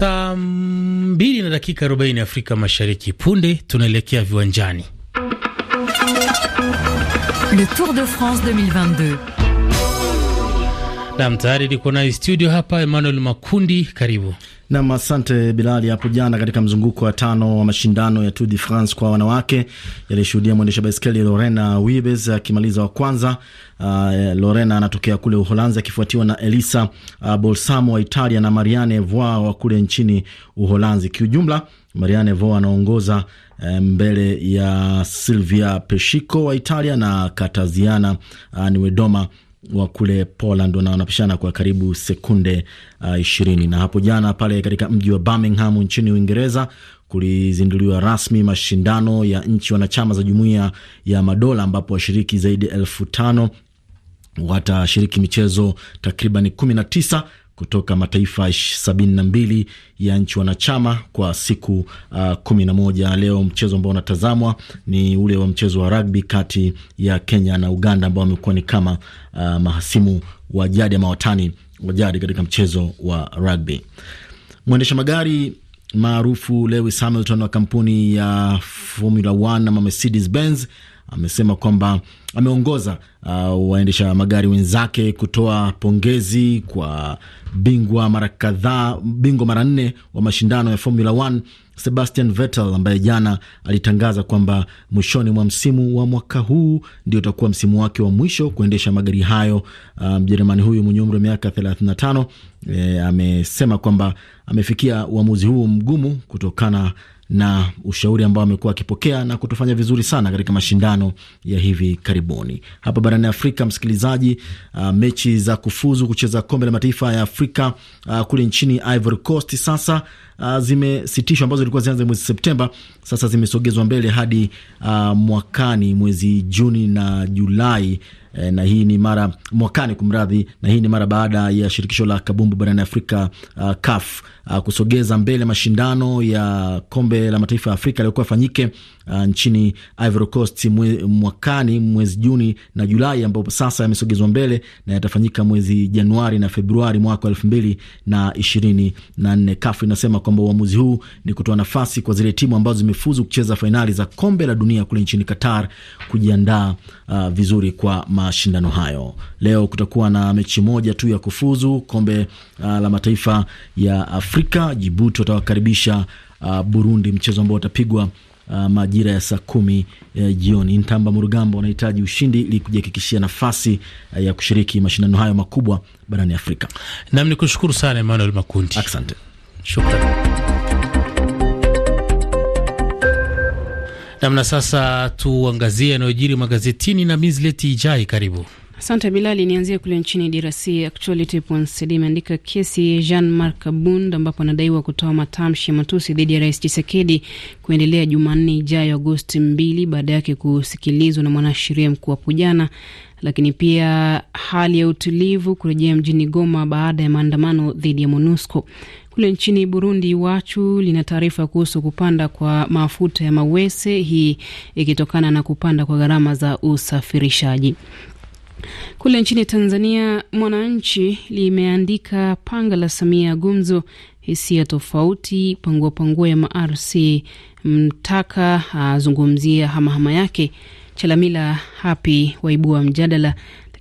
Saa mbili na dakika 40 Afrika Mashariki. Punde tunaelekea viwanjani. Le Tour de France 2022. Nam tayari niko na studio hapa Emmanuel Makundi, karibu. Nam asante Bilali. Hapo jana katika mzunguko wa tano wa mashindano ya Tour de France kwa wanawake yalishuhudia mwendesha baiskeli Lorena Wiebes akimaliza wa kwanza. Uh, Lorena anatokea kule Uholanzi akifuatiwa na Elisa uh, Bolsamo wa Italia na Marianne Voa wa kule nchini Uholanzi. Kiujumla, Marianne Voi anaongoza eh, mbele ya Silvia Peshiko wa Italia na Kataziana uh, Niwedoma wa kule Poland wanapishana kwa karibu sekunde uh, ishirini. Uh, na hapo jana pale katika mji wa Birmingham nchini Uingereza kulizinduliwa rasmi mashindano ya nchi wanachama za Jumuiya ya Madola ambapo washiriki zaidi ya elfu tano watashiriki michezo takriban kumi na tisa kutoka mataifa 72 ya nchi wanachama kwa siku uh, kumi na moja. Leo mchezo ambao unatazamwa ni ule wa mchezo wa rugby kati ya Kenya na Uganda ambao wamekuwa ni kama uh, mahasimu wa jadi ama watani wa jadi katika mchezo wa rugby. Mwendesha magari maarufu Lewis Hamilton wa kampuni ya Formula 1 ama Mercedes Benz amesema kwamba ameongoza uh, waendesha magari wenzake kutoa pongezi kwa bingwa mara kadhaa, bingwa mara nne wa mashindano ya Formula 1 Sebastian Vettel ambaye jana alitangaza kwamba mwishoni mwa msimu wa mwaka huu ndio utakuwa msimu wake wa mwisho kuendesha magari hayo. Uh, Mjerumani um, huyu mwenye umri wa miaka 35 e, eh, amesema kwamba amefikia uamuzi huu mgumu kutokana na ushauri ambao amekuwa akipokea na kutofanya vizuri sana katika mashindano ya hivi karibuni hapa barani Afrika. Msikilizaji, uh, mechi za kufuzu kucheza kombe la mataifa ya Afrika uh, kule nchini Ivory Coast sasa Ah, zimesitishwa ambazo zilikuwa zianze mwezi Septemba, sasa zimesogezwa mbele hadi uh, mwakani mwezi Juni na Julai eh, na hii ni mara mwakani, kumradhi. Na hii ni mara baada ya shirikisho la kabumbu barani Afrika uh, CAF uh, kusogeza mbele mashindano ya kombe la mataifa ya Afrika yaliyokuwa yafanyike uh, nchini Ivory Coast mwe, mwakani mwezi Juni na Julai, ambapo sasa yamesogezwa mbele na yatafanyika mwezi Januari na Februari mwaka wa elfu mbili na ishirini na nne. KAFU inasema kwamba uamuzi huu ni kutoa nafasi kwa zile timu ambazo zimefuzu kucheza fainali za kombe la dunia kule nchini Qatar kujiandaa uh, vizuri kwa mashindano hayo. Leo kutakuwa na mechi moja tu ya kufuzu kombe uh, la mataifa ya Afrika. Jibuti watawakaribisha uh, Burundi, mchezo ambao utapigwa uh, majira ya saa kumi uh, jioni. Ntamba Murugambo wanahitaji ushindi ili kujihakikishia nafasi uh, ya kushiriki mashindano hayo makubwa barani Afrika. Nam ni kushukuru sana Emmanuel Makundi, asante, shukran. Namna sasa tuangazie yanayojiri magazetini na Mizleti Ijai, karibu. Asante Bilali, nianzie kule nchini DRC. Actuality.cd imeandika kesi Jean Marc Bund ambapo anadaiwa kutoa matamshi ya matusi dhidi ya Rais Chisekedi kuendelea Jumanne ijayo Agosti mbili baada yake kusikilizwa na mwanasheria mkuu hapo jana. Lakini pia hali ya utulivu kurejea mjini Goma baada ya maandamano dhidi ya MONUSCO. Kule nchini Burundi, wachu lina taarifa kuhusu kupanda kwa mafuta ya mawese, hii ikitokana na kupanda kwa gharama za usafirishaji. Kule nchini Tanzania, Mwananchi limeandika panga la Samia gumzo, hisia tofauti, pangua pangua ya MRC mtaka azungumzia hamahama yake. Chalamila Hapi waibua mjadala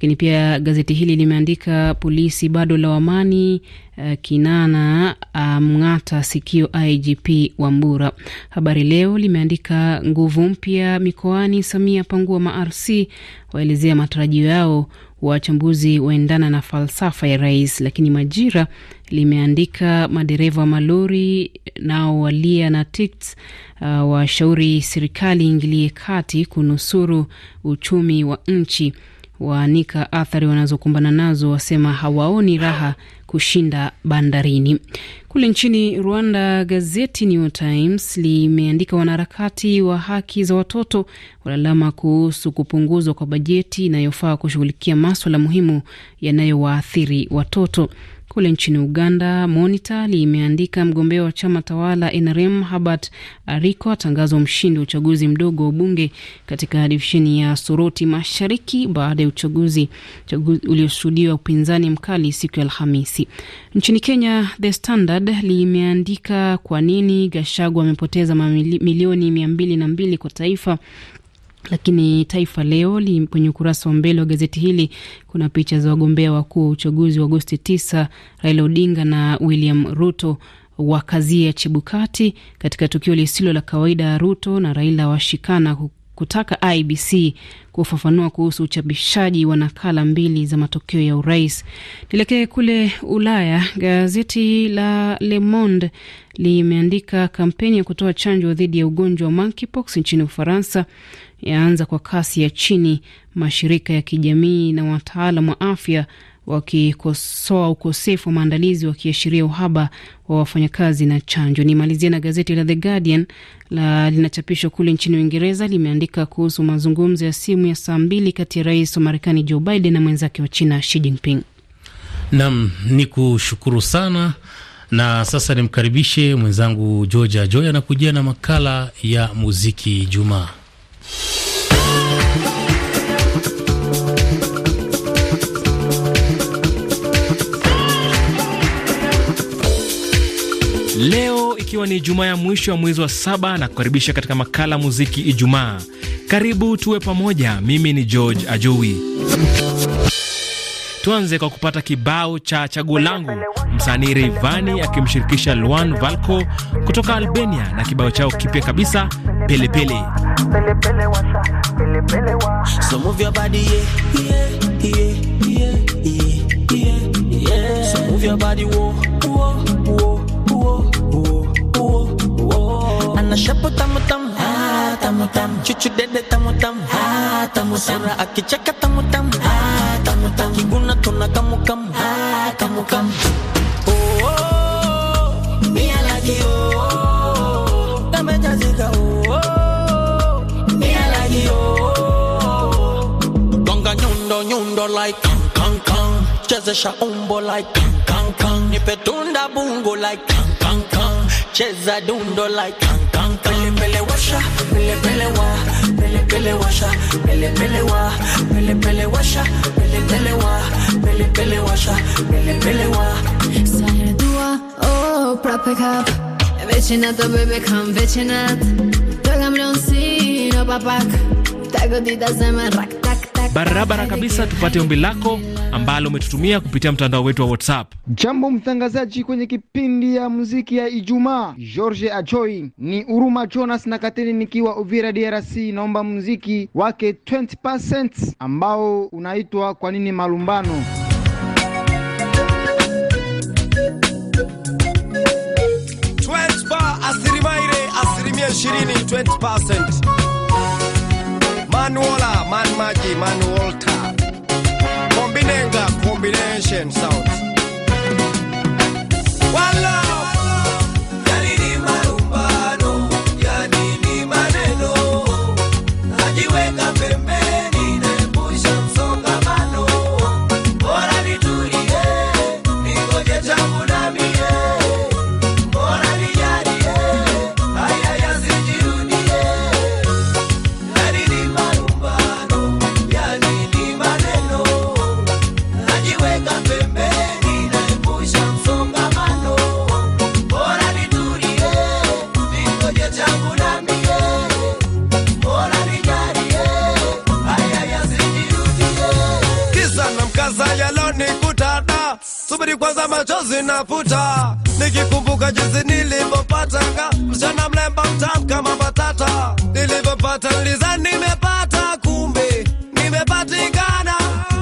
lakini pia gazeti hili limeandika polisi bado wamani uh, eh, Kinana amng'ata ah, um, sikio IGP Wambura. Habari Leo limeandika nguvu mpya mikoani, Samia pangua marc waelezea matarajio yao wachambuzi waendana na falsafa ya rais. Lakini Majira limeandika madereva wa malori nao walia na TICTS, uh, ah, washauri serikali ingilie kati kunusuru uchumi wa nchi waanika athari wanazokumbana nazo, wasema hawaoni raha kushinda bandarini. Kule nchini Rwanda, gazeti New Times limeandika wanaharakati wa haki za watoto walalama kuhusu kupunguzwa kwa bajeti inayofaa kushughulikia maswala muhimu yanayowaathiri watoto. Kule nchini Uganda, Monitor limeandika mgombea wa chama tawala NRM Herbert Ariko atangazwa mshindi wa uchaguzi mdogo wa bunge katika divisheni ya Soroti Mashariki baada ya uchaguzi ulioshuhudiwa upinzani mkali siku ya Alhamisi. Nchini Kenya, The Standard limeandika kwa nini Gashagu amepoteza milioni mia mbili na mbili kwa taifa lakini Taifa Leo kwenye ukurasa wa mbele wa gazeti hili kuna picha za wagombea wakuu wa uchaguzi wa Agosti 9, Raila Odinga na William Ruto wakazia Chebukati katika tukio lisilo la kawaida. Ruto na Raila washikana kutaka IBC kufafanua kuhusu uchapishaji wa nakala mbili za matokeo ya urais. Tuelekee kule Ulaya. Gazeti la Le Monde limeandika kampeni ya kutoa chanjo dhidi ya ugonjwa wa monkeypox nchini Ufaransa yaanza kwa kasi ya chini. Mashirika ya kijamii na wataalam wa afya wakikosoa ukosefu wa maandalizi wakiashiria uhaba wa wafanyakazi na chanjo. Nimalizia na gazeti la The Guardian la linachapishwa kule nchini Uingereza, limeandika kuhusu mazungumzo ya simu ya saa mbili kati ya rais wa Marekani Joe Biden na mwenzake wa China Xi Jinping. Nam ni kushukuru sana na sasa nimkaribishe mwenzangu Georgia Joy anakujia na makala ya muziki Jumaa. Leo ikiwa ni Ijumaa ya mwisho wa mwezi wa saba na kukaribisha katika makala muziki Ijumaa. Karibu tuwe pamoja, mimi ni George Ajowi. Tuanze kwa kupata kibao cha chaguo langu, msanii Rayvanny akimshirikisha Luan Valco kutoka Albania na kibao chao kipya kabisa Pelepele. pele. Sana shepu tamu tamu ah, tamu tamu Chuchu dede tamu tamu ah, tamu tamu Sura akicheka tamu tamu ah, tamu tamu Kibuna tuna kamu kamu ah, kamu kamu Oh, oh, me I like you oh, Kamejazika oh, me I like you Gonga nyundo nyundo like kang kang kang Chezesha umbo like kang kang kang Nipe tunda bungo like kang kang kang Cheza dundo like kang pele pele washa, pele pele wa, pele pele washa, pele pele wa, pele pele washa, pele pele wa, pele pele washa, pele pele wa. Sare dua, oh prap ik up. Vecinat o bebe vechinat. vecinat. Dogam si no papak. Tego di da zemen rakt. barabara kabisa, tupate ombi lako ambalo umetutumia kupitia mtandao wetu wa WhatsApp. Jambo mtangazaji kwenye kipindi ya muziki ya Ijumaa, George Ajoi ni Uruma Jonas na Kateni nikiwa Uvira DRC. Naomba muziki wake 20% ambao unaitwa kwa nini malumbano. asilimia 20, 20%. Manuola, Man Maji, Manuolta. Combinenga, combination sound. kwanza, machozi nafuta, nikikumbuka jinsi nilivyopata mchana mlemba mtam kama batata. Nilivyopata liza nimepata, kumbe nimepatikana.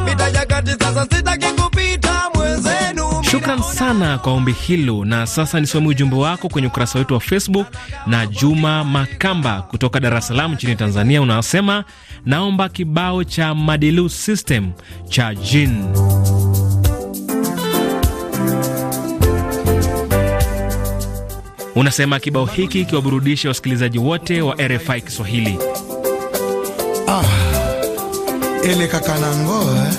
Mitajakati sasa sitaki kupita mwenzenu. Shukran sana kwa ombi hilo, na sasa nisome ujumbe wako kwenye ukurasa wetu wa Facebook. Na Juma Makamba kutoka Dar es Salaam nchini Tanzania unasema, naomba kibao cha Madilu System cha Jin. Unasema kibao hiki kiwaburudishe wasikilizaji wote wa RFI Kiswahili. Ah, ele kakanangoa eh?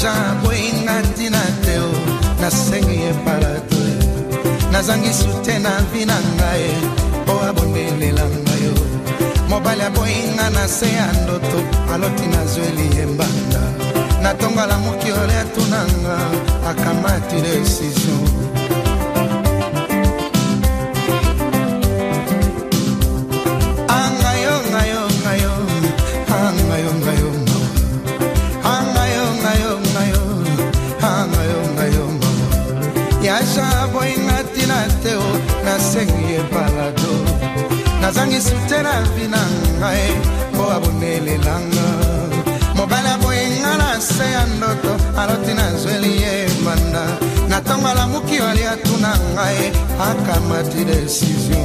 jean boyinga ntina te o nasengi epala to nazangi sute na vi na ngai mpo abondelela ngai o mobali aboyinga na se ya ndoto aloti nazweli yembanda natongola mokiole atunanga akamati desizio ngai mpo abonelelanga mobali aboyenga na se ya ndoto aloti nazweli ye banda na ntongo alamuki oli atuna ngai akamati desizio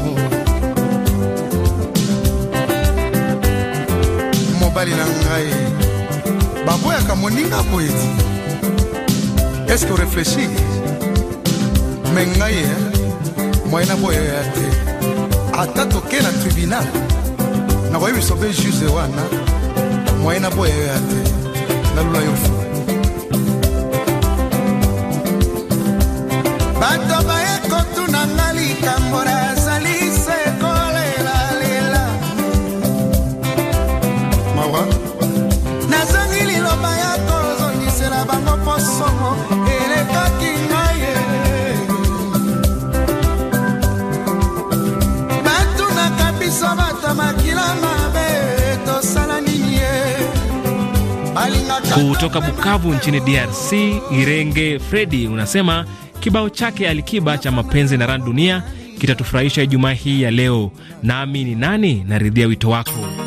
mobali na ngai baboyaka moninga boyeti eske orefleshi me ngai moyena boyoya te ata toke na tribunal nakoyi biso mpe juse wana mwaye na boya yoya te nalula yo fu bato baye kotuna nga likambo nazali sekolelalela mawa nazangi liloba ya kozongisela bango mposongo eh, Kutoka Bukavu nchini DRC, Irenge Fredi unasema kibao chake Alikiba cha mapenzi na ran dunia kitatufurahisha Ijumaa hii ya leo. Nami ni nani, naridhia wito wako.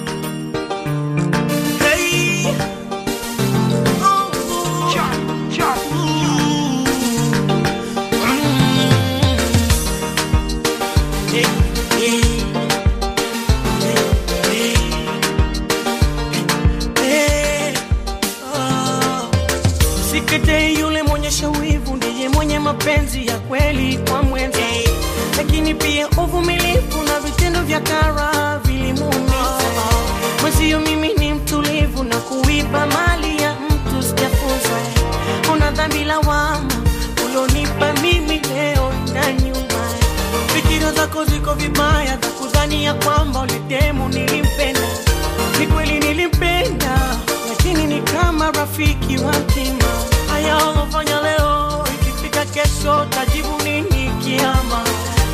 rafiki wa kima haya ulofanya leo, ikifika kesho tajibu nini kiama?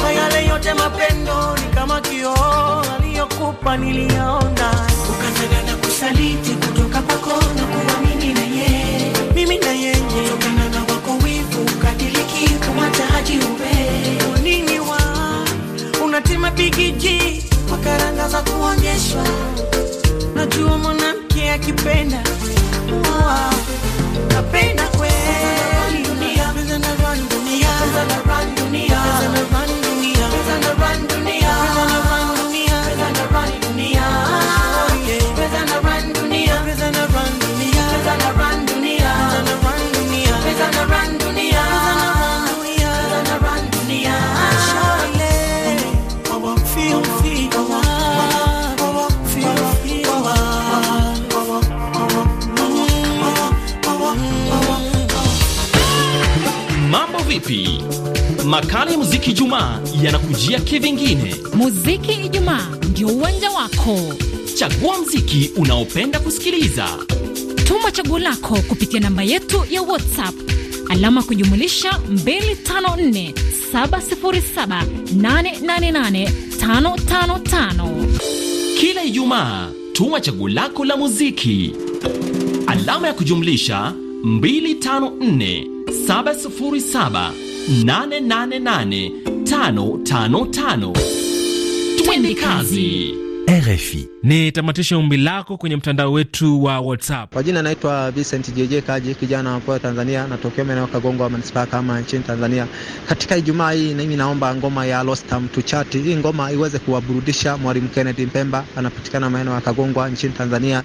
Kwa yale yote mapendo ni kama kioo, aliyokupa niliyaona, ukanyaga na kusaliti kutoka kwako na kuamini na ye, mimi na yeye, tokana na wako wivu ukadiriki kumata haji ube nini wa unatima bigiji za kuonyeshwa, najua mwanamke akipenda pain. vipi? Makala ya muziki Ijumaa yanakujia kivingine. Muziki Ijumaa ndio uwanja wako. Chagua mziki unaopenda kusikiliza, tuma chaguo lako kupitia namba yetu ya WhatsApp alama kujumulisha 25477888555 Kila Ijumaa tuma chaguo lako la muziki alama ya kujumlisha Twende kazi. RFI ni tamatisha umbi lako kwenye mtandao wetu wa WhatsApp. Kwa jina naitwa Vincent JJ Kaji, kijana wa mkoa Tanzania, natokea maeneo Kagongo wa manispaa kama nchini Tanzania. Katika Ijumaa hii mimi naomba ngoma ya Lostam tuchati, hii ngoma iweze kuwaburudisha. Mwalimu Kennedy Mpemba anapatikana maeneo ya Kagongwa nchini Tanzania.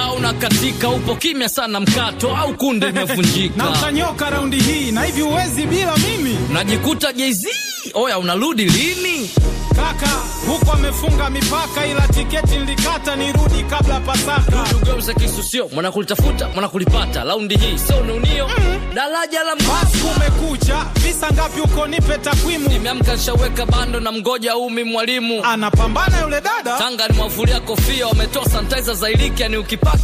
na unakatika, upo kimya sana, mkato au kunde imevunjika na utanyoka raundi hii, na hivi huwezi bila mimi, unajikuta jezi. Oya, unarudi lini? kaka, huku amefunga mipaka, ila tiketi nilikata nirudi kabla Pasaka. Ugeuze kisusio, mwanakulitafuta mwanakulipata, laundi hii sio naunio mm. Mm-hmm. daraja la Mask umekucha, visa ngapi huko, nipe takwimu. Nimeamka nshaweka bando na mgoja umi, mwalimu anapambana yule dada, tanga nimwafulia kofia, wametoa sanitizer za iliki, yani ukipaka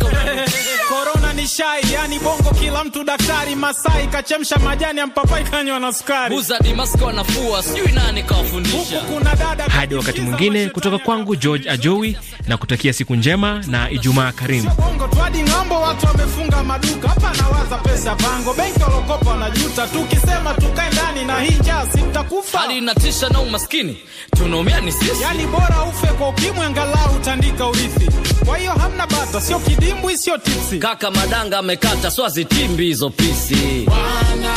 korona ni shai, yani bongo kila mtu daktari. Masai kachemsha majani ya mpapai kanywa na sukari, buza dimaski wanafua, sijui nani kawafundisha. Huku kuna dada hadi wakati mwingine, kutoka kwangu George Ajowi na kutakia siku njema na Ijumaa karimu. Hali inatisha na umaskini tunaumia ni sisi, yani bora ufe kwa ukimwi angalau utandika urithi. Kwa hiyo hamna bata, sio kidimbwi, sio tipsi. Kaka madanga amekata swazitimbi hizo pisi Bwana,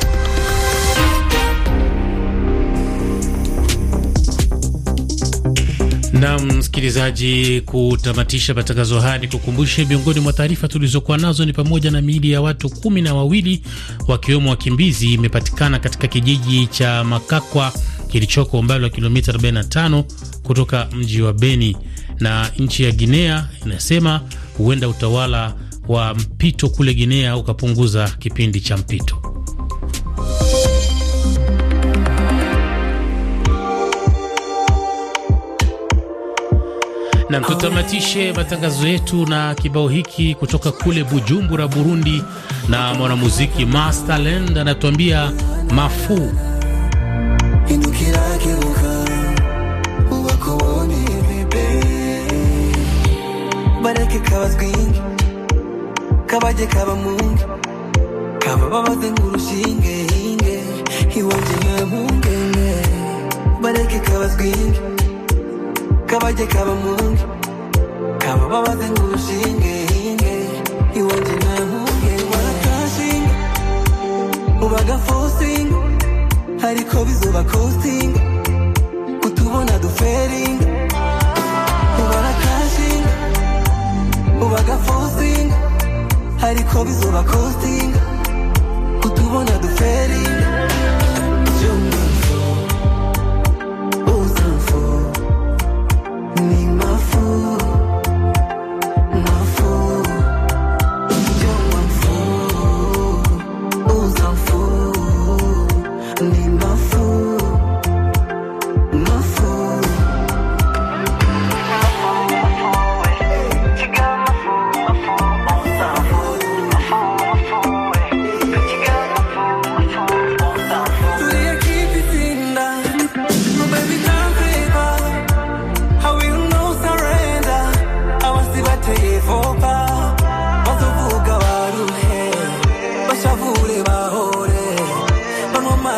Na msikilizaji, kutamatisha matangazo haya, ni kukumbushe miongoni mwa taarifa tulizokuwa nazo ni pamoja na miili ya watu kumi na wawili wakiwemo wakimbizi imepatikana katika kijiji cha Makakwa kilichoko umbali wa kilomita 45 kutoka mji wa Beni, na nchi ya Guinea inasema huenda utawala wa mpito kule Guinea ukapunguza kipindi cha mpito. Nam, tutamatishe matangazo yetu na kibao hiki kutoka kule Bujumbura, Burundi, na mwanamuziki Masterland anatuambia mafuu kabaje kaba kaba babaze iwanje bareke kaba kabajye kabamunge kaba babaze ngo ushinge hinge iwanjye ntahuge watashinga ubaga fosinga ariko bizuba kosinga utubona duferinga ubaratashinga ubaga fosinga ariko bizuba kosinga utubona duferinga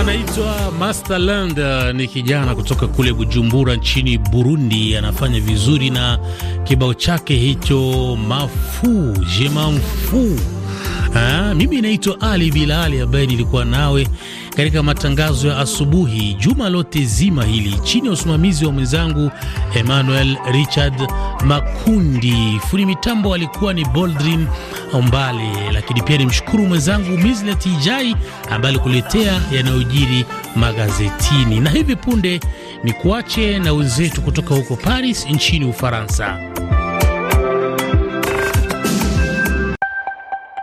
anaitwa Masterland, uh, ni kijana kutoka kule Bujumbura nchini Burundi. Anafanya vizuri na kibao chake hicho mafu jemamfu. Ah, mimi naitwa Ali Bilali ambaye nilikuwa nawe katika matangazo ya asubuhi juma lote zima hili chini ya usimamizi wa mwenzangu Emmanuel Richard Makundi. Fundi mitambo alikuwa ni Boldrin Ombale, lakini pia ni mshukuru mwenzangu Mislet Ijai ambaye alikuletea yanayojiri magazetini, na hivi punde ni kuache na wenzetu kutoka huko Paris nchini Ufaransa.